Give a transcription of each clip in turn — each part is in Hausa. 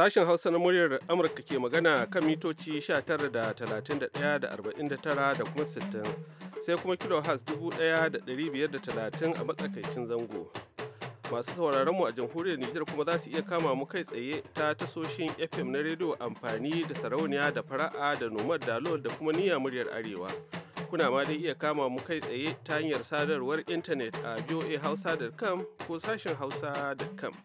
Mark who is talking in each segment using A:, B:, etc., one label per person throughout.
A: Sashen Hausa na muryar Amurka ke magana kan mitoci 19 da 31 da 49 da kuma 60 sai kuma kilo has 1530 a matsakaicin zango. Masu sauraron mu a jamhuriyar Nijar kuma za su iya kama mu kai tsaye ta tasoshin FM na rediyo amfani da sarauniya da fara'a da nomad dalol da kuma niyya muryar arewa. Kuna ma dai iya kama mu kai tsaye ta hanyar sadarwar intanet a voahausa.com ko sashen hausa.com.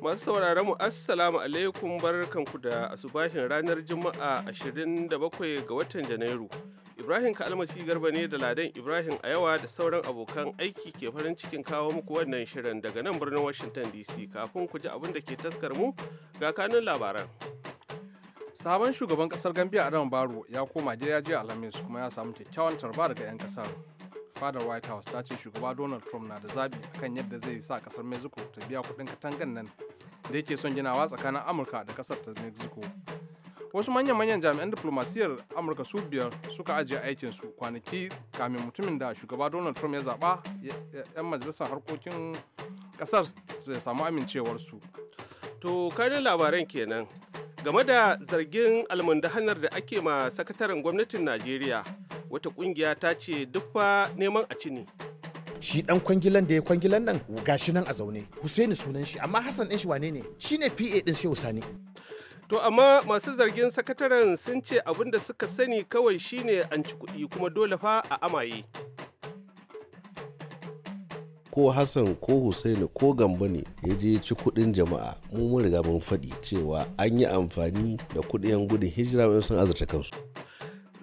A: Masu sauraron mu Assalamu alaikum barkanku da asubahin ranar Juma'a 27 ga watan Janairu. Ibrahim Kalmasi Garba ne da Ladan Ibrahim a yawa da sauran abokan aiki ke farin cikin kawo muku wannan shirin daga nan birnin Washington DC kafin ku ji abin da ke taskar mu ga kanun labaran.
B: Sabon shugaban kasar Gambia Adam Baro ya koma gida jiya Alhamis kuma ya samu kyakkyawan tarba daga 'yan kasar. fadar white house ta ce shugaba donald trump na da zabi akan yadda zai sa kasar mexico ta biya kudin katangan nan da yake son ginawa tsakanin amurka da kasar ta mexico wasu manyan-manyan jami'an diplomasiyar amurka su biyar suka ajiye aikinsu kwanaki kamin mutumin da shugaba donald trump ya
A: zaba 'yan majalisar harkokin kasar ya samu amincewarsu to karin labaran kenan game da zargin almundahanar da ake ma sakataren gwamnatin najeriya wata kungiya ta ce duk fa neman a ci ne
C: shi dan kwangilan da ya kwangilan nan gashi nan a zaune Husaini sunan shi amma Hassan din shi wane ne shine PA din Shehu Sani
A: To amma masu zargin sakataren sun ce abin da suka sani kawai shine an ci kuɗi kuma dole fa a amaye.
D: ko hassan ko husaini ko gambo ne ya je ci kudin jama'a mu mun riga mun faɗi cewa an yi amfani da kudin gudun hijira sun azurta kansu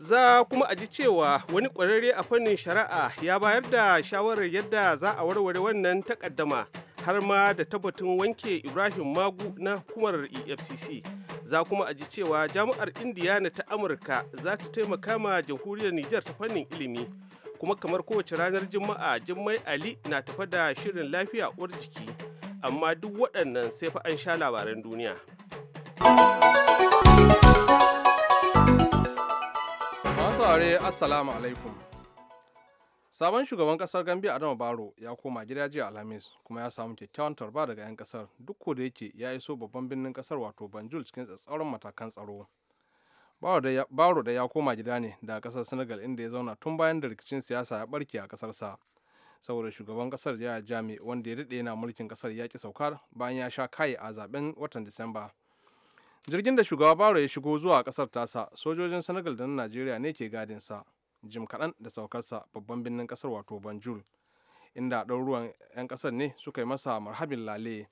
A: za kuma a ji cewa wani ƙwararre a fannin shari'a ya bayar da shawarar yadda za a warware wannan takaddama har ma da tabbatin wanke ibrahim magu na hukumar efcc za kuma a ji cewa jami'ar indiana ta amurka za ta taimaka ma jamhuriyar nijar ta fannin ilimi kuma kamar kowace ranar juma'a jummai ali na tafa da shirin lafiya uwar jiki amma duk waɗannan sai fa an sha labaran duniya.
B: saurare assalamu alaikum sabon shugaban kasar gambia adama baro ya koma gida jiya alhamis kuma ya samu kyakkyawan tarba daga 'yan kasar duk da yake ya iso babban birnin kasar wato banjul cikin tsatsauran matakan tsaro baro da ya koma gida ne daga kasar senegal inda ya zauna tun bayan da rikicin siyasa ya barke a kasarsa saboda shugaban kasar ya jami wanda ya daɗe yana mulkin kasar ya ki saukar bayan ya sha kai a zaben watan disamba jirgin da shugaba baro ya shigo zuwa kasar tasa sojojin senegal da na najeriya ne ke gadin sa jim kaɗan da saukarsa babban birnin kasar wato banjul inda ɗauruwan 'yan kasar ne suka yi masa marhabin lale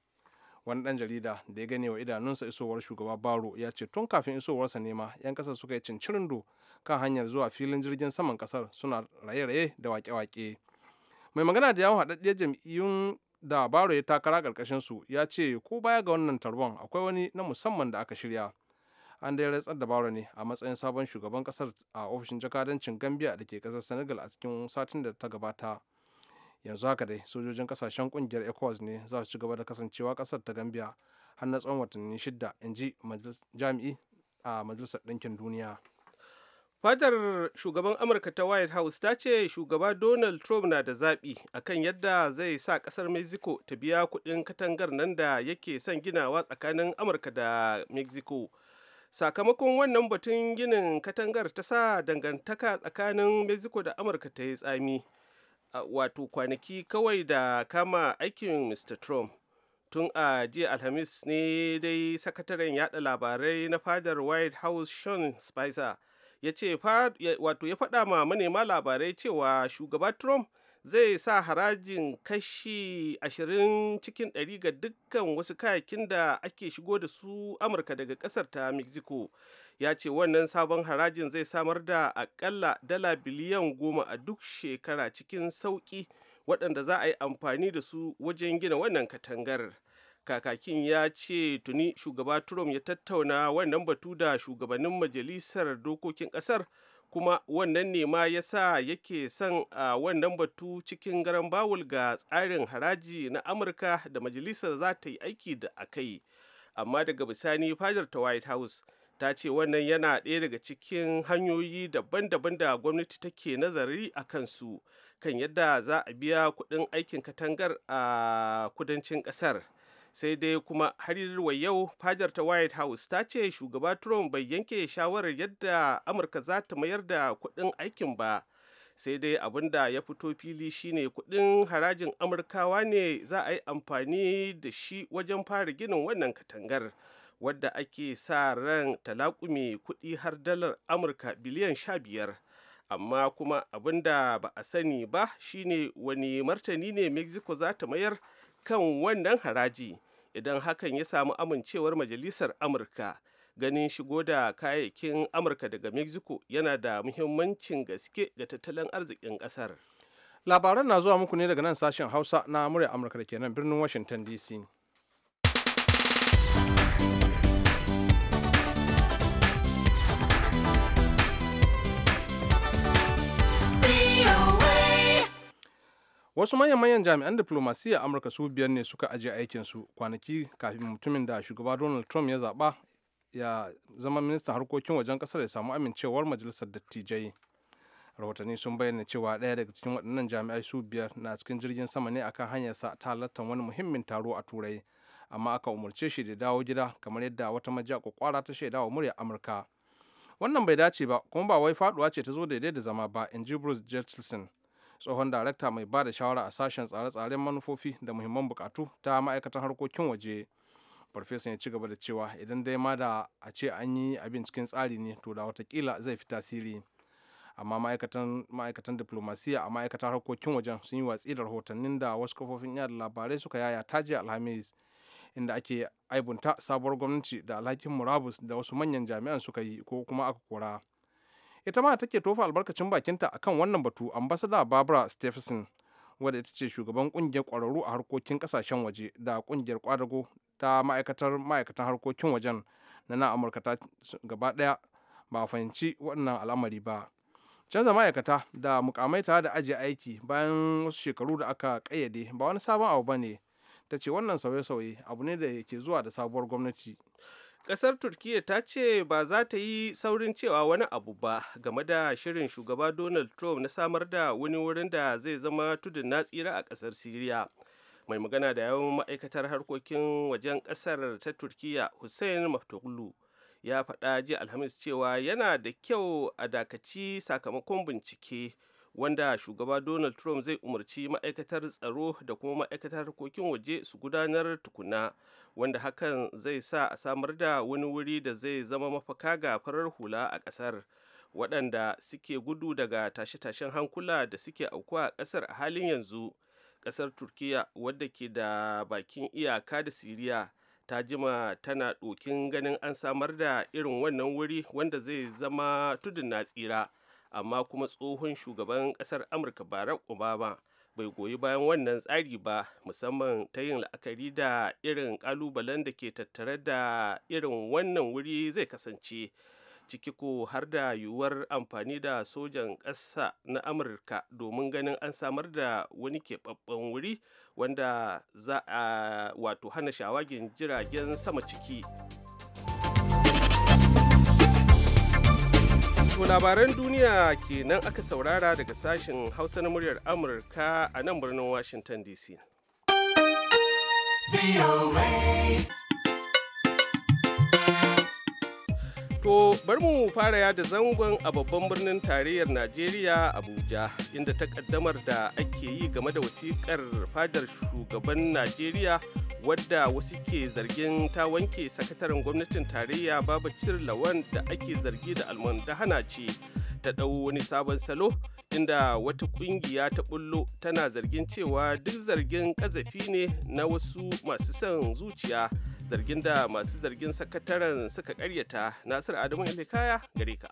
B: wani ɗan jarida da ya gane wa idanunsa isowar shugaba baro ya ce tun kafin isowarsa nema 'yan kasar suka yi cincirindo kan hanyar zuwa filin jirgin saman kasar suna raye-raye da wake-wake mai magana da yawon haɗaɗɗiyar jam'iyyun da Baro ya takara su ya ce ko baya ga wannan tarwon akwai wani na musamman da aka shirya. An dai rantsar da Baro ne a matsayin sabon shugaban kasar a ofishin jakadancin Gambia da ke ƙasar Senegal a cikin satin da ta gabata. Yanzu haka dai sojojin ƙasashen ƙungiyar ECOWAS ne za su ci gaba da kasancewa ƙasar ta Gambia har na tsawon watanni shidda in ji jami'i a Majalisar Ɗinkin Duniya.
A: fadar shugaban amurka ta white house ta ce shugaba donald trump na da zaɓi akan yadda zai sa ƙasar mexico ta biya kuɗin katangar nan da yake son ginawa tsakanin amurka da mexico sakamakon wannan batun ginin katangar ta sa dangantaka tsakanin mexico da amurka ta yi tsami wato kwanaki kawai da kama aikin mr trump tun a jiya alhamis ne dai sakataren yada labarai na fadar white house sean spicer ya ce wato ya faɗa ma manema labarai cewa shugaba trump zai sa harajin kashi 20 cikin 100 ga dukkan wasu kayakin da ake shigo da su amurka daga ƙasar ta mexico ya ce wannan sabon harajin zai samar da akalla dala biliyan goma a duk shekara cikin sauƙi waɗanda za a yi amfani da su wajen gina wannan katangar kakakin ya ce tuni shugaba trump ya tattauna wannan batu da shugabannin majalisar dokokin kasar kuma wannan ne ma ya sa yake son a wannan batu cikin garan bawul ga tsarin haraji na amurka da majalisar za ta yi aiki da akai amma daga bisani fadar ta white house ta ce wannan yana ɗaya daga cikin hanyoyi daban-daban da gwamnati take nazari a kansu kan yadda za a biya kuɗin aikin katangar a kudancin ƙasar. sai dai kuma har yau fadar ta white house ta ce shugaba trump bai yanke shawarar yadda amurka za ta mayar da kuɗin aikin ba sai dai abin da ya fito fili shine kuɗin harajin amurkawa ne za a yi amfani da shi wajen fara ginin wannan katangar wadda ake sa ran talakumi kuɗi har dalar amurka biliyan sha biyar amma kuma abin da ba a sani ba shine wani martani ne mexico za ta mayar kan wannan haraji idan hakan ya samu amincewar majalisar amurka ganin shigo da kayayyakin amurka daga mexico yana da muhimmancin gaske ga tattalin arzikin kasar
B: labaran na zuwa muku ne daga nan sashen hausa na murya amurka da kenan birnin washington dc wasu manyan manyan jami'an diplomasiyyar amurka su biyar ne suka ajiye aikinsu kwanaki kafin mutumin da shugaba donald trump ya zaba ya zama ministan harkokin wajen kasar ya samu amincewar majalisar dattijai rahotanni sun bayyana cewa ɗaya daga cikin waɗannan jami'ai su biyar na cikin jirgin sama ne akan hanyarsa ta halartar wani muhimmin taro a turai amma aka umarce shi da dawo gida kamar yadda wata majiya kwakwara ta shaida wa murya amurka wannan bai dace ba kuma ba wai faduwa ce ta zo daidai da zama ba in ji bruce jetson tsohon darakta mai ba da shawara a sashen tsare-tsaren manufofi da muhimman bukatu ta ma'aikatan harkokin waje farfesa ya ci gaba da cewa idan dai ma da a ce an yi abin cikin tsari ne to da watakila zai fi tasiri amma ma'aikatan diplomasiya a ma'aikatan harkokin wajen sun yi watsi da rahotannin da wasu kafofin yada labarai suka yaya taji alhamis inda ake aibunta sabuwar gwamnati da alhakin murabus da wasu manyan jami'an suka yi ko kuma aka kora ita ma take tofa albarkacin bakinta akan wannan batu ambassador barbara stephenson wadda ita ce shugaban kungiyar kwararru a harkokin kasashen waje da kungiyar kwadago ta ma'aikatar ma'aikatan harkokin wajen na na amurka ta gaba daya ba fahimci wannan al'amari ba canza ma'aikata da mukamai tare da ajiye aiki bayan wasu shekaru da aka kayyade ba wani sabon abu ba ne ta ce wannan sauye-sauye abu ne da ke zuwa da sabuwar gwamnati
A: kasar Turkiyya ta ce ba za ta yi saurin cewa wani abu ba game da shirin shugaba Donald Trump na samar da wani wurin da zai zama tudun na tsira a kasar Siriya. Mai magana da yawan ma'aikatar harkokin wajen kasar ta Turkiyya Hussein Maftoglu ya faɗa jiya Alhamis cewa yana da kyau a dakaci sakamakon bincike wanda shugaba Donald Trump zai umarci ma'aikatar tsaro da kuma ma'aikatar harkokin waje su gudanar tukuna. wanda hakan zai sa a samar da wani wuri da zai zama mafaka ga farar hula a ƙasar waɗanda suke gudu daga tashe-tashen hankula da suke aukuwa a ƙasar a halin yanzu ƙasar turkiya wadda ke da bakin iyaka da siriya ta jima tana ɗokin ganin an samar da irin wannan wuri wanda zai zama tudun na tsira amma kuma tsohon shugaban ƙasar amurka barack obama bai goyi bayan wannan tsari ba musamman ta yin la'akari da irin kalubalen da ke tattare da irin wannan wuri zai kasance ciki ko har da yiwuwar amfani da sojan ƙasa na amurka domin ganin an samar da wani keɓaɓɓen wuri wanda za a wato hana shawagin jiragen sama ciki To labaran duniya kenan aka saurara daga sashen Hausa na muryar Amurka a nan birnin Washington DC. To bar mu fara yada zangon a babban birnin tarayyar Najeriya Abuja inda takaddamar da ake yi game da wasikar fadar shugaban Najeriya wadda wasu ke zargin ta wanke sakataren gwamnatin tarayya babu Lawan da ake zargi da hana ce. ta ɗau wani sabon salo inda wata ƙungiya ta bullo tana zargin cewa duk zargin ƙazafi ne na wasu masu son zuciya zargin da masu zargin sakataren suka ƙaryata nasir adamu ilikaya gare ka.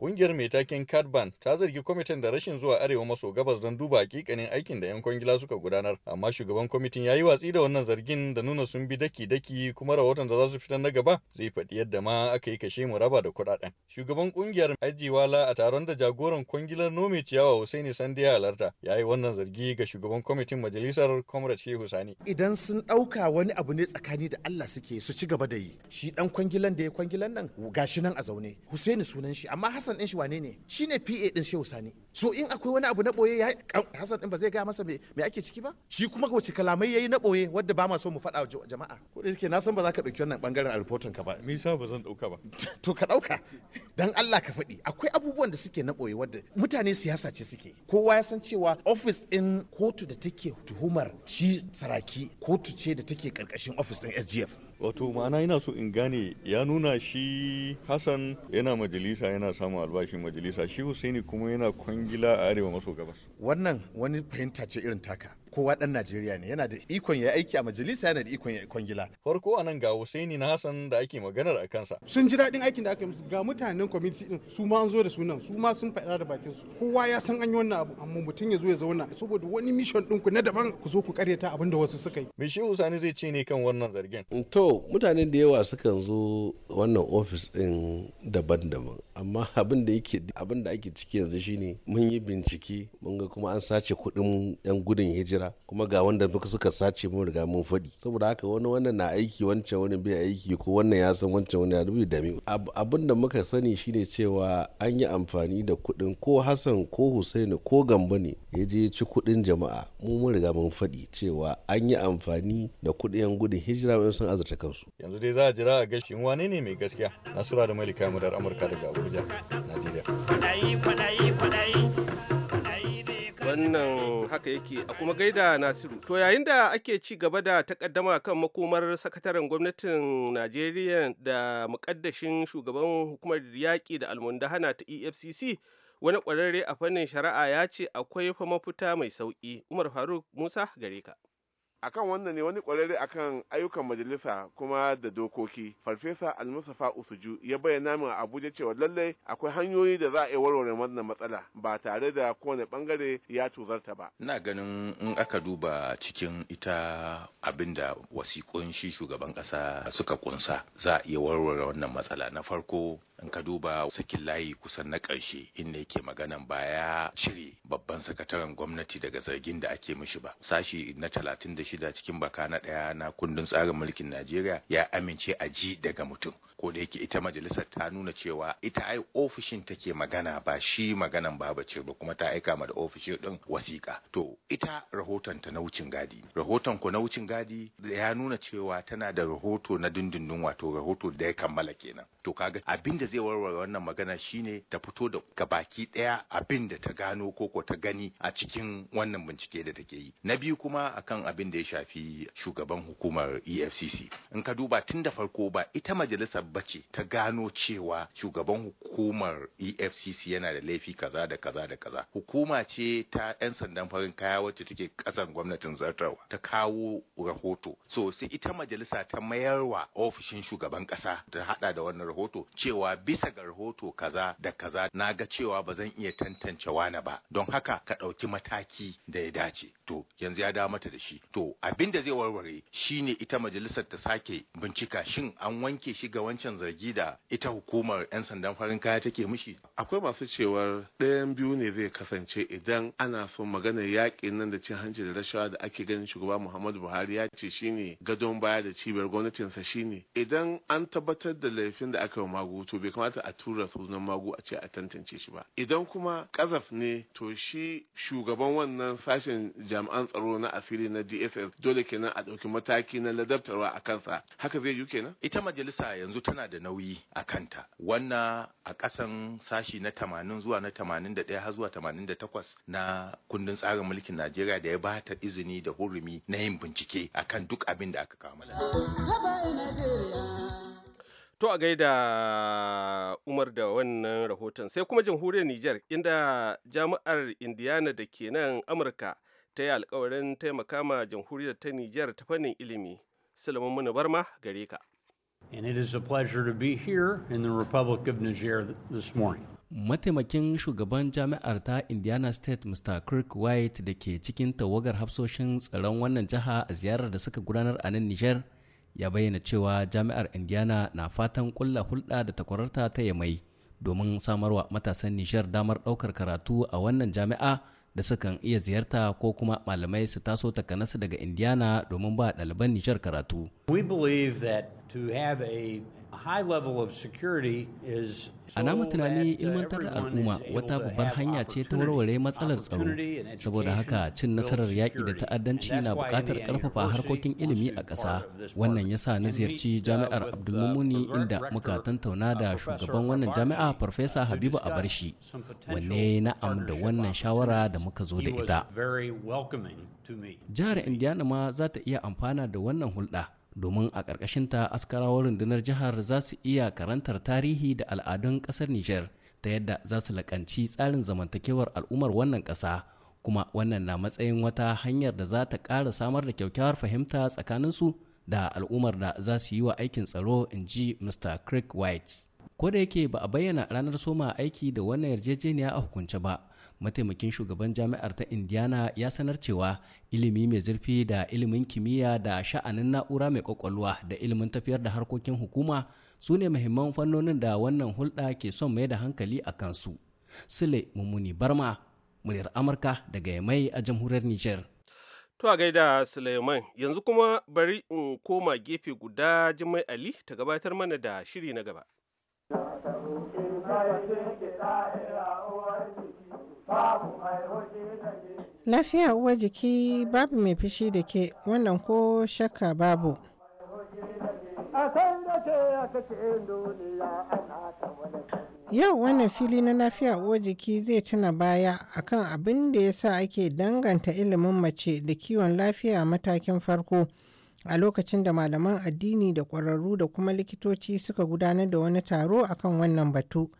E: Kungiyar mai taken cadban ta zargi kwamitin da rashin zuwa arewa maso gabas don duba hakikanin aikin da 'yan kwangila suka gudanar, amma shugaban kwamitin ya yi watsi da wannan zargin da nuna sun bi daki-daki kuma rahoton da za su fitar na gaba zai faɗi yadda ma aka yi kashe mu raba da kuɗaɗen. Shugaban kungiyar Ajiwala a taron da jagoran kwangilar nome ciyawa Hussaini ya halarta ya yi wannan zargi ga shugaban kwamitin majalisar Comrade Shehu Sani.
C: Idan sun ɗauka wani abu ne tsakani da Allah suke su ci gaba da yi. Shi ɗan kwangilan da ya kwangilan nan gashi nan a zaune. Hussaini sunan shi amma Hassan din shi wane ne shine PA din Shehu Sani so in akwai wani abu na boye ya Hassan din ba zai gaya masa me ake ciki ba shi kuma wace kalamai yayi na boye wadda ba ma so mu faɗa wa jama'a
E: ko da yake na san ba za ka ɗauki wannan bangaren alfotin ka ba me yasa ba zan ɗauka ba to ka ɗauka
C: dan Allah ka faɗi akwai abubuwan da suke na boye wadda mutane siyasa ce suke kowa ya san cewa ofis din kotu da take tuhumar shi saraki kotu ce da take karkashin ofis
E: din SGF wato ma'ana yana so in gane ya nuna shi hassan yana majalisa yana samun albashin majalisa shi husaini kuma yana kwangila a arewa maso gabas wannan wani fahimta ce irin taka kowa dan Najeriya ne yana da ikon ya aiki a majalisa yana da ikon ya kwangila. Farko a nan ga Husaini na Hassan da ake maganar a kansa.
C: Sun ji daɗin aikin da aka musu ga mutanen kwamiti din su ma an zo da sunan su ma sun faɗa da bakin su. Kowa ya san an yi wannan abu amma mutum ya zo ya zauna
E: saboda wani mission ɗinku na daban ku zo ku karyata abin da wasu suka yi. Me shi Husaini zai ce ne kan wannan zargin?
D: To mutanen da yawa sukan zo wannan ofis ɗin daban-daban. amma abin da yake abin da ake ciki yanzu shine mun yi bincike mun ga kuma an sace kuɗin yan gudun hijira kuma ga wanda suka sace mun riga mun faɗi saboda haka wani wannan na aiki wancan wani bai aiki ko wannan ya san wancan wani ya da mu abin da muka sani shine cewa an yi amfani da kuɗin ko Hassan ko Hussein ko Gambo ne ya je ci kuɗin jama'a mu mun riga mun faɗi cewa an yi amfani da kuɗin yan gudun hijira wani sun azurta kansu
E: yanzu dai za a jira a gashin wane ne mai gaskiya nasura da malika murar amurka da abuja abuja najeriya wannan
A: haka yake a kuma gaida nasiru to yayin da ake ci gaba da takaddama kan makomar sakataren gwamnatin najeriya da mukaddashin shugaban hukumar yaƙi da almundahana ta efcc wani ƙwararre a fannin shari'a ya ce akwai fa mafuta mai sauƙi umar faruk musa gare ka
C: akan wannan ne wani kwararre akan ayyukan majalisa kuma da dokoki farfesa almusafa usuju ya bayyana min a abuja cewa lallai akwai hanyoyi da za a iya warware wannan matsala ba tare da kowane bangare ya tuzarta ba ina ganin in aka duba cikin ita abinda wasiƙun shi shugaban ƙasa suka kunsa za a iya warware wannan matsala na farko in ka duba sakin layi kusan na ƙarshe inda yake maganan baya cire babban sakataren gwamnati daga zargin da ake mishi ba sashi na talatin da shida cikin baka na ɗaya na kundin tsarin mulkin najeriya ya amince a ji daga mutum ko da yake ita majalisar ta nuna cewa ita ai ofishin take magana ba shi maganan bace ba kuma ta aika ma da ofishin din wasiƙa to ita rahoton ta na wucin gadi rahoton ku na wucin gadi ya nuna cewa tana da rahoto na dindindin wato rahoto da ya kammala kenan to kaga abin da zai warware wannan magana shine ta fito da gabaki ɗaya abin da ta gano ko ta gani a cikin wannan bincike da take yi na biyu kuma akan abin da ya shafi shugaban hukumar efcc in ka duba tun da farko ba ita majalisar bace ta gano cewa shugaban hukumar efcc yana da laifi kaza da kaza da kaza hukuma ce ta 'yan sandan farin kaya wacce take kasan gwamnatin zartarwa ta kawo rahoto so sai ita majalisa ta mayarwa ofishin shugaban kasa ta hada da wannan rahoto cewa bisa ga rahoto kaza da kaza na ga cewa ba zan iya tantance wani ba don haka ka ɗauki mataki da ya dace to yanzu ya dawo mata da shi to abin da zai warware shine ita majalisar ta sake bincika shin an wanke shi ga wancan zargi da ita hukumar 'yan sandan farin kaya take mishi akwai masu cewar ɗayan biyu ne zai kasance idan ana so magana yaƙi nan da cin hanci da rashawa da ake ganin shugaba muhammadu buhari ya ce shine gadon baya da cibiyar gwamnatinsa shine idan an tabbatar da laifin da aka yi magu to bai kamata a tura sunan magu a ce a tantance shi ba idan kuma kazaf ne to shi shugaban wannan sashen jami'an tsaro na asiri na dss dole kenan a ɗauki mataki na ladabtarwa a kansa haka zai yi kenan ita majalisa yanzu tana da nauyi a kanta wannan a kasan sashi na tamanin zuwa na tamanin da ɗaya har zuwa tamanin da takwas na kundin tsarin mulkin najeriya da ya ba ta izini da hurumi na yin bincike akan duk abin da aka kawo mana. To a gaida Umar da
A: wannan rahoton sai kuma jamhuriyar Nijar inda jami'ar Indiana da ke nan Amurka ta yi alkawarin taimaka ma jamhuriyar ta Nijar ta fannin ilimi. Salamun Muni
F: Barma gare ka. And it is a pleasure to be here in the Republic of Niger
G: this morning. Mataimakin shugaban jami'ar ta Indiana State Mr. Kirk White da ke cikin tawagar hafsoshin tsaron wannan jiha a ziyarar da suka gudanar a nan Nijar ya bayyana cewa jami'ar indiana na fatan kulla hulɗa da takwararta ta yamai domin samarwa matasan nishar damar ɗaukar karatu a wannan jami'a da sukan iya ziyarta ko kuma malamai su taso takanasu daga indiana domin ba ɗaliban nishar karatu we
F: believe that to have a A
G: namu tunani uh, ilmantar da al'umma wata babbar hanya ce ta warware matsalar tsaro, saboda haka cin nasarar yaƙi da ta'addanci na buƙatar ƙarfafa harkokin ilimi a ƙasa. Wannan ya sa na ziyarci uh, jami'ar uh, Abdulmumuni inda muka tantauna da shugaban wannan jami'a Farfesa Habibu Abarshi, wanne na'am da wannan shawara da muka zo da ita. Jihar Indiana ma za ta iya amfana da wannan hulɗa. domin a ƙarƙashinta askarawar rundunar jihar za su iya karantar tarihi da al'adun ƙasar Nijar ta yadda za su laƙanci tsarin zamantakewar al'ummar wannan ƙasa kuma wannan na matsayin wata hanyar da za ta ƙara samar da kyaukyawar fahimta tsakaninsu da al'ummar da za su yi wa aikin tsaro in ji Mr. Craig White. Ko da yake ba a bayyana ranar soma aiki da wannan yarjejeniya a hukunce ba, mataimakin shugaban jami'ar ta indiana ya sanar cewa ilimi mai zurfi da ilimin kimiyya da sha'anin na'ura mai kwakwalwa da ilimin tafiyar da harkokin hukuma su ne muhimman fannonin da wannan hulɗa ke son mai da hankali a kansu sule mummuni barma muryar amurka daga mai a jamhuriyar niger
A: To a gaida Suleiman yanzu kuma bari in koma gefe guda Jimai Ali ta gabatar mana da shiri na gaba.
H: Lafiya uwa jiki babu mai fishi da ke wannan ko shakka babu. Yau wannan fili na lafiya uwa jiki zai tuna baya akan abin da ya sa ake danganta ilimin mace da kiwon lafiya matakin farko a lokacin da malaman addini da ƙwararru da kuma likitoci suka gudanar da wani taro akan wannan batu.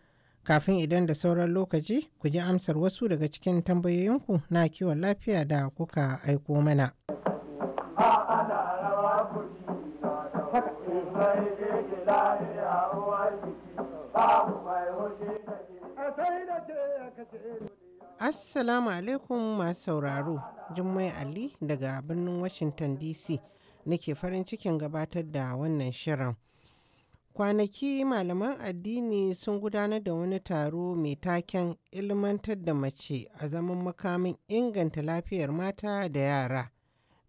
H: Kafin idan da sauran lokaci, ku ji amsar wasu daga cikin tambayoyinku na kiwon lafiya da kuka aiko mana. Assalamu alaikum masu sauraro, Jummai Ali daga birnin Washington DC nake farin cikin gabatar da wannan shirin. Kwanaki malaman addini sun gudanar da wani taro mai taken ilmantar da mace a zaman makamin inganta lafiyar mata da yara.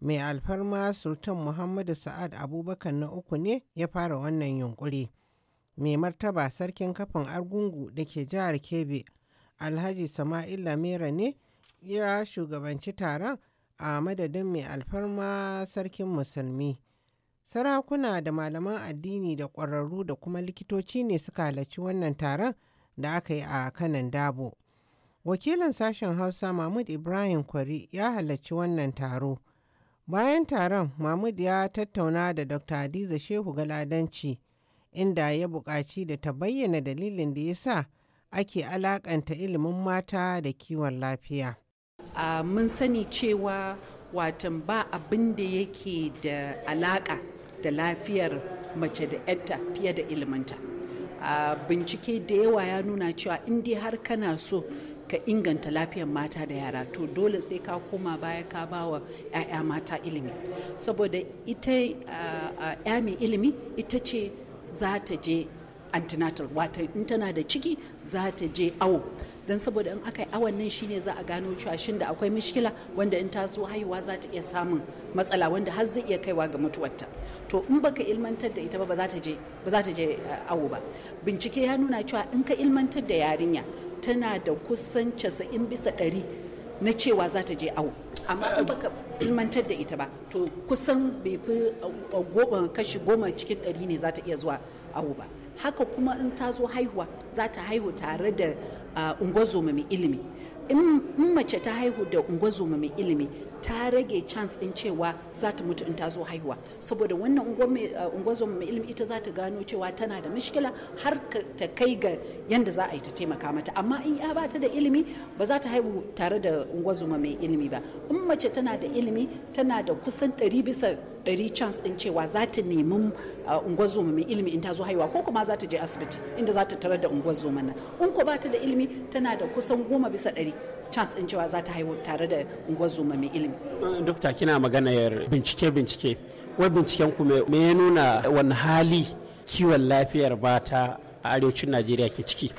H: Mai alfarma Sultan Muhammadu Sa'ad Abubakar na uku ne ya fara wannan yunkuri. Mai martaba sarkin kafin argungu da ke jihar Kebe, Alhaji Sama'il Lamira ne ya shugabanci taron a madadin mai alfarma sarkin musulmi. Sarakuna da malaman addini da ƙwararru da kuma likitoci ne suka halarci wannan taron da aka yi a kanan dabo. Wakilin sashen Hausa Mahmud Ibrahim Kwari ya halarci wannan taro. Bayan taron, Mahmud ya tattauna da Dr. Hadiza Shehu Galadanci, inda ya buƙaci da ta bayyana dalilin da ya sa
I: ake alaƙanta ilimin mata da kiwon lafiya. Mun sani cewa watan ba abin da yake da alaƙa da lafiyar mace da yatta fiye da iliminta a bincike da yawa ya nuna cewa in dai har kana so ka inganta lafiyar mata da yara to dole sai ka koma baya ka ba wa 'ya'ya mata ilimi saboda ita 'ya mai ilimi ita ce za ta je antenatal wata in tana da ciki za ta je awo don saboda in aka yi awan nan shine za a gano cewa shin da akwai mishkila wanda in ta so haihuwa za ta iya samun matsala wanda har zai iya kaiwa ga mutuwarta to in baka ilmantar da ita ba za ta je ba za ta je eh, awo ba bincike ya nuna cewa in ka ilmantar da yarinya tana da kusan casa'in bisa 100 na cewa za ta je awo amma in baka ilmantar da ita ba to kusan bai fi eh, kashi goma cikin ɗari ne za ta iya zuwa awo ba haka kuma in ta zo haihuwa za ta haihu tare da uh, mai ilimi in mace ta haihu da ungozoma mai ilimi ta rage chance in cewa za ta mutu in ta zo haihuwa saboda wannan unguwar mai eh, ilimi ita za ta gano cewa tana da mishkila har ta kai ga yanda za a yi ta taimaka mata amma in ya bata da ilimi ba za ta haihu tare da unguwar mai ilimi ba in mace tana da ilimi tana da kusan ɗari bisa ɗari chance in cewa za ta nemi eh, unguwar mai ilimi in ta zo haihuwa ko kuma za ta je asibiti inda za ta tarar da unguwar nan in ko ba da ilimi tana da kusan goma bisa ɗari chance in cewa za ta haihu tare da unguwar mai ilimi
F: eh, dokta kina maganar bincike bincike wai binciken ku me ya nuna wani hali kiwon lafiyar bata a arewacin najeriya ke ciki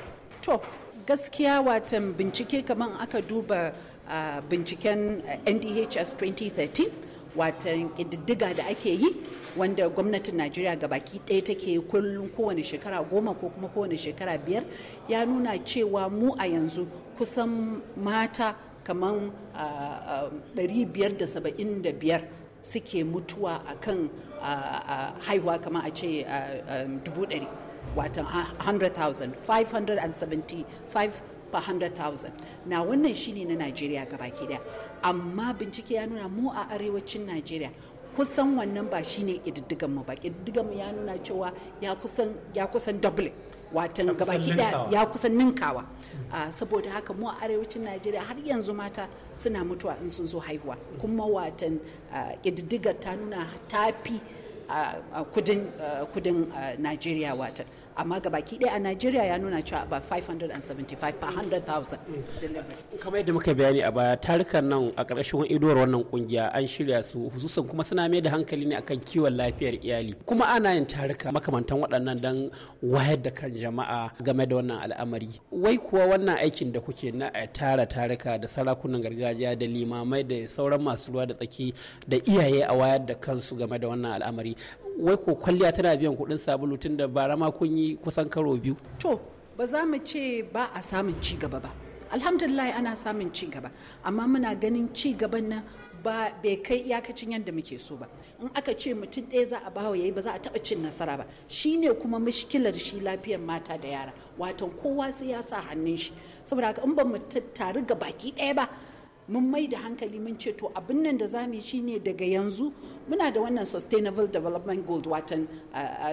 I: to gaskiya watan bincike kamar aka duba uh, binciken eh, ndhs 2013 watan ƙididdiga da ake yi wanda gwamnatin najeriya ga baki ɗaya take kullum kowane shekara goma ko kuma kowane shekara biyar ya nuna cewa mu a yanzu kusan mata kamar biyar suke mutuwa a kan haihuwa kamar a ce 100,000 watan 100,000 575 per na wannan shine na najeriya gabaki daya amma bincike ya nuna mu a arewacin najeriya kusan wannan ba shine ƙididdigan mu ba ƙididdigan mu ya nuna cewa ya kusan Dublin. watan gabaki da ya kusan ninkawa ah, saboda haka mu a arewacin najeriya har yanzu mata suna mutuwa in sun zo haihuwa kuma watan ah, ƙididdigar ta nuna tafi a kudin kudin Najeriya wata amma gabaki ɗaya a Najeriya ya nuna cewa ba 575 per 100,000
F: Kamar yadda muka bayani a baya tarukan nan a ƙarshen idowar wannan kungiya an shirya su hususan kuma suna mai da hankali ne akan kiwon lafiyar iyali kuma ana yin taruka makamantan waɗannan don wayar da kan jama'a game da wannan al'amari. Wai kuwa wannan aikin da kuke na a eh, tara taruka da sarakunan gargajiya da limamai da sauran masu ruwa da tsaki da iyaye a wayar da kansu game da wannan al'amari wai ko kwalliya tana biyan kuɗin sabulu tun da bara ma kun yi kusan karo biyu
I: to ba za mu ce ba a samun ci gaba ba alhamdulillah ana samun ci gaba amma muna ganin ci gaban nan ba bai kai iyakacin yadda muke so ba in aka ce mutum ɗaya za a bawa yayi ba za a taɓa cin nasara ba shi ne kuma mushkilar shi lafiyar mata da yara watan kowa sai ya sa hannun shi saboda haka in ba mu tattaru ga baki ɗaya ba mun mai da hankali mun ce to abin nan da za mu yi shine daga yanzu muna da wannan sustainable development goal watan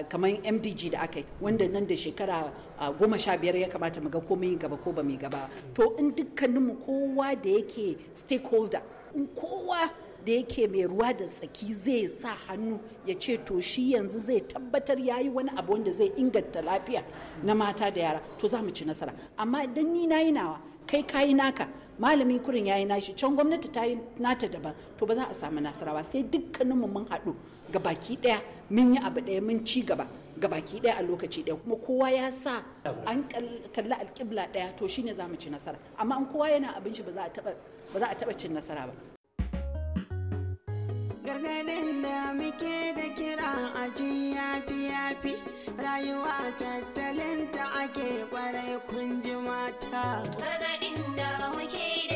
I: kamar mdg da aka yi wanda nan da shekara goma sha biyar ya kamata mu ga ko mun gaba ko ba mu gaba to in dukkaninmu kowa da yake stakeholder in kowa da yake mai ruwa da tsaki zai sa hannu ya ce to shi yanzu zai tabbatar ya yi wani abu wanda zai inganta lafiya na mata da yara to za mu ci nasara amma idan ni na yi nawa kai kayi naka malami kurin yayi nashi can gwamnati ta yi nata daban to ba za a samu nasarawa sai dukkaninmu mun haɗu ga baki ɗaya mun yi abu ɗaya mun ci gaba ga baki ɗaya a lokaci ɗaya kuma kowa ya sa an kalli alƙibla ɗaya to shine za mu ci nasara amma an kowa yana abin shi ba za a taɓa cin nasara ba
J: gargadin da muke da kira a ji yafi yafi rayuwa tattalin ta ake kwarai kunji mata gargadin da muke da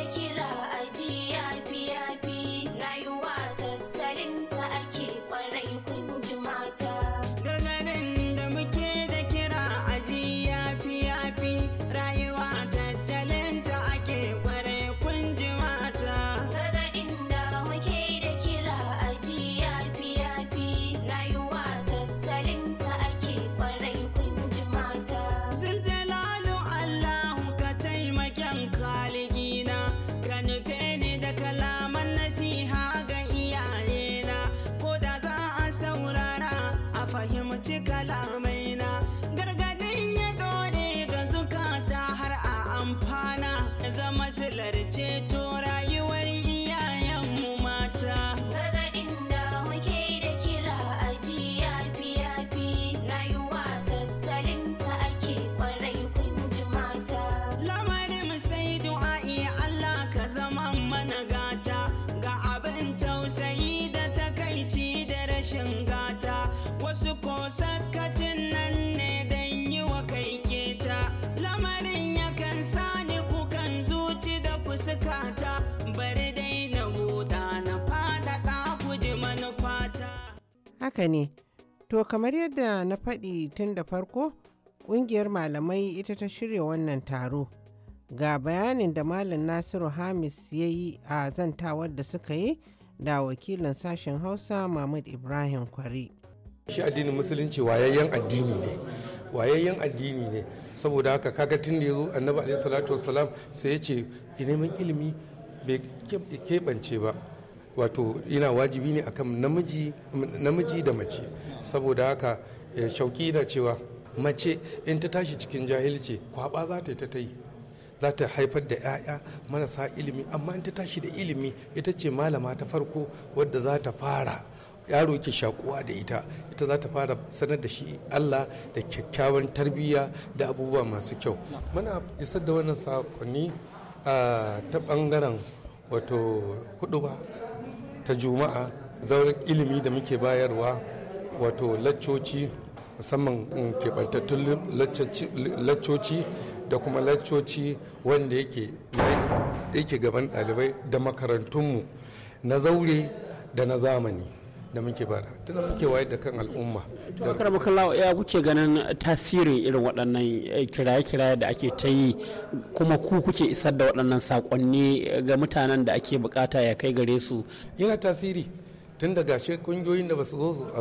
H: Haka ne, to kamar yadda na faɗi tun da farko, ƙungiyar malamai ita ta shirya wannan taro. Ga bayanin da Malam Nasiru Hamis ya yi a zantawar da suka yi da wakilin sashen Hausa Mahmud Ibrahim Kwari. Shi addinin
D: Musulunci wayayyen addini ne. wayayyen addini ne saboda haka kaga tun da ya zo annabi alaihi salatu wasalam sai ya ce neman ilimi bai keɓance ba wato yana wajibi ne akan namiji da mace saboda haka eh, shauki na cewa mace in ta tashi cikin jahilci kwaba za ta yi ta yi za ta haifar da 'ya'ya marasa ilimi amma in ta tashi da ilimi ita ce malama ta farko wadda za ta fara yaro ke shakuwa da ita ita za ta fara sanar da shi Allah da kyakkyawan tarbiyya da abubuwa masu kyau muna isar da wannan sakonni ah, ta bangaren wato hudu ba ta juma'a zauren ilimi da muke bayarwa wato laccoci musamman mm, keɓantattun laccoci da kuma laccoci wanda yake gaban ɗalibai da makarantunmu na zaure da na zamani da muke bada tunan muke wayar da kan al'umma
F: to akar bakalla ya kuke ganin tasirin irin waɗannan eh, kiraye-kiraye da ake ta yi kuma ku kuke isar da waɗannan sakonni ga mutanen da ake bukata ya kai gare su yana tasiri tun da gashi kungiyoyin da ba su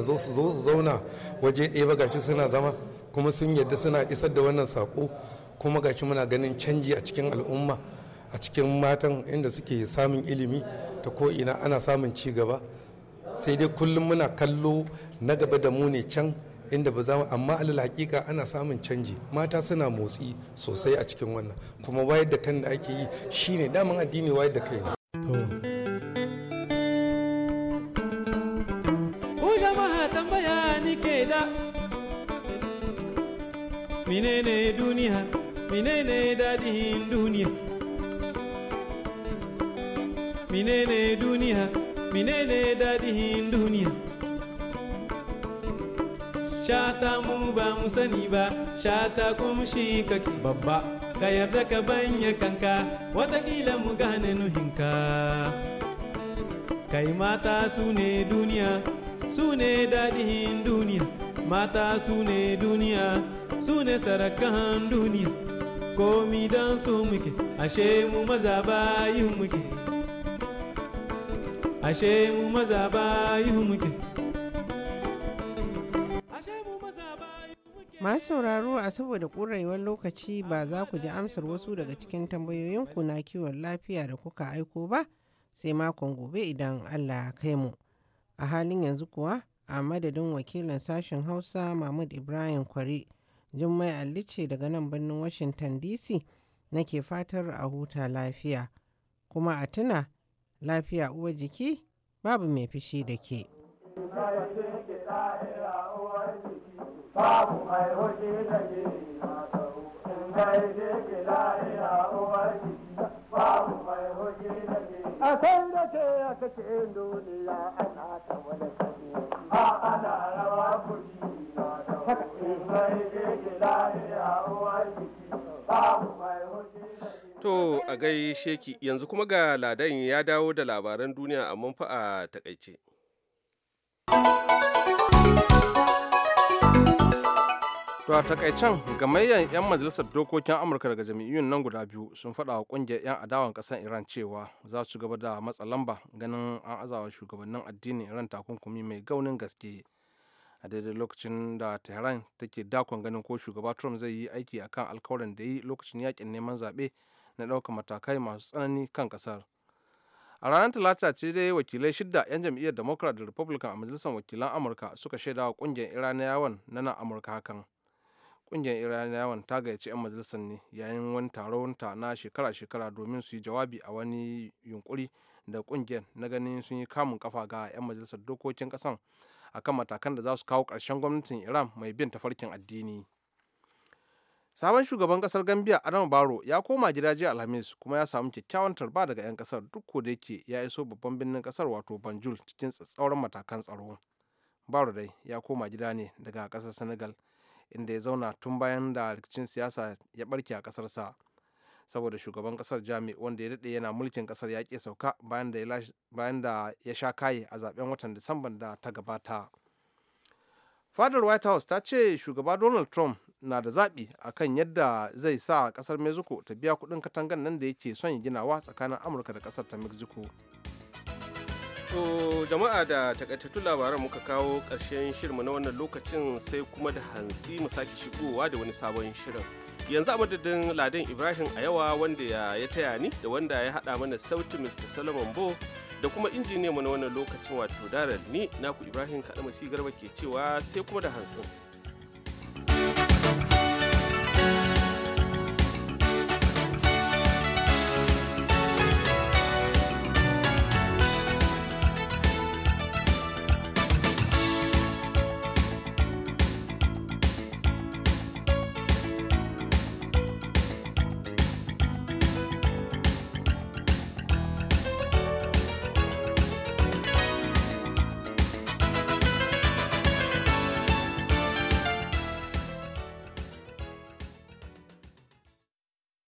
F: zo su zauna
D: waje ɗaya ba gashi suna zama kuma sun yadda suna isar da wannan sako kuma gashi muna ganin canji a cikin al'umma a cikin matan inda suke samun ilimi ta ko ina ana samun ci gaba sai dai kullum muna kallo na gaba da mu ne can inda ba za mu amma alal hakika ana samun canji mata suna motsi sosai a cikin wannan kuma wayar da kan da ake yi shine daman addini wayar da kai
G: ne minene duniya minene dadin duniya minene duniya menene daɗin duniya shata mu ba mu sani ba shata kumshi kake babba ka yarda ka banya kanka watakila mu gane nuhinka kai mata su ne duniya su ne daɗin duniya mata su ne duniya su ne sarakan duniya komi don su muke ashe mu maza bayin muke
H: ashe masu sauraro a saboda ƙurewar lokaci ba za ku ji amsar wasu daga cikin tambayoyinku na kiwon lafiya da kuka aiko ba sai makon gobe idan allah ya kai mu a halin yanzu kuwa a madadin wakilin sashen hausa mahmud ibrahim kwari jummai allice daga nan birnin washington dc nake fatar a huta lafiya kuma a tuna lafiya uwa jiki babu mai fishi da ke.
J: babu mai hoji da ke in ke mai hoji da ke da ke
H: ta na da
J: ke mai hoji
A: To a gai sheki yanzu kuma ga ladan ya dawo da labaran duniya a manfa a takaice.
B: To a takaicen gamayyar 'yan majalisar dokokin Amurka daga jami'in nan guda biyu sun faɗa wa ƙungiyar 'yan adawan ƙasar Iran cewa za su gaba da matsa lamba ganin an azawa shugabannin addinin Iran takunkumi mai gaunin gaske a daidai lokacin da Tehran take dakon ganin ko shugaba Trump zai yi aiki akan alkawarin da yi lokacin yakin neman zaɓe na ɗaukar matakai masu tsanani kan kasar. a ranar talata ce dai wakilai shidda 'yan jam'iyyar democrat da republican a majalisar wakilan amurka suka shaida wa kungiyar iraniyawan na nan amurka hakan ƙungiyar iraniyawan ta gayyaci 'yan majalisar ne yayin wani taron ta na shekara-shekara domin su yi jawabi a wani yunkuri da ƙungiyar na ganin sun yi kamun kafa ga 'yan majalisar dokokin kasan akan matakan da za su kawo ƙarshen gwamnatin iran mai bin tafarkin addini. sabon shugaban kasar gambia adama baro ya koma gida jiya alhamis kuma ya samu kyakkyawan tarba daga 'yan kasar duk ko da yake ya iso babban birnin kasar wato banjul cikin tsatsauran matakan tsaro baro dai ya koma gida ne daga kasar senegal inda ya zauna tun bayan da rikicin siyasa ya barke a kasarsa saboda shugaban kasar jami wanda ya daɗe yana mulkin kasar ya ke sauka bayan da ya sha kaye a zaben watan disamban da ta gabata fadar white house ta ce shugaba donald trump na da zaɓi a kan yadda zai sa ƙasar mexico ta biya kuɗin katangan nan da yake son ginawa tsakanin amurka da ƙasar ta mexico
A: To jama'a da takaitattun labaran muka kawo ƙarshen shirmu na wannan lokacin sai kuma da hantsi mu sake shigowa da wani sabon shirin. Yanzu a madadin Ladan Ibrahim a yawa wanda ya taya ni da wanda ya haɗa mana sauti Mr. Solomon Bo da kuma injiniyanmu na wannan lokacin wato darar ni naku Ibrahim masu Garba ke cewa sai kuma da hantsi.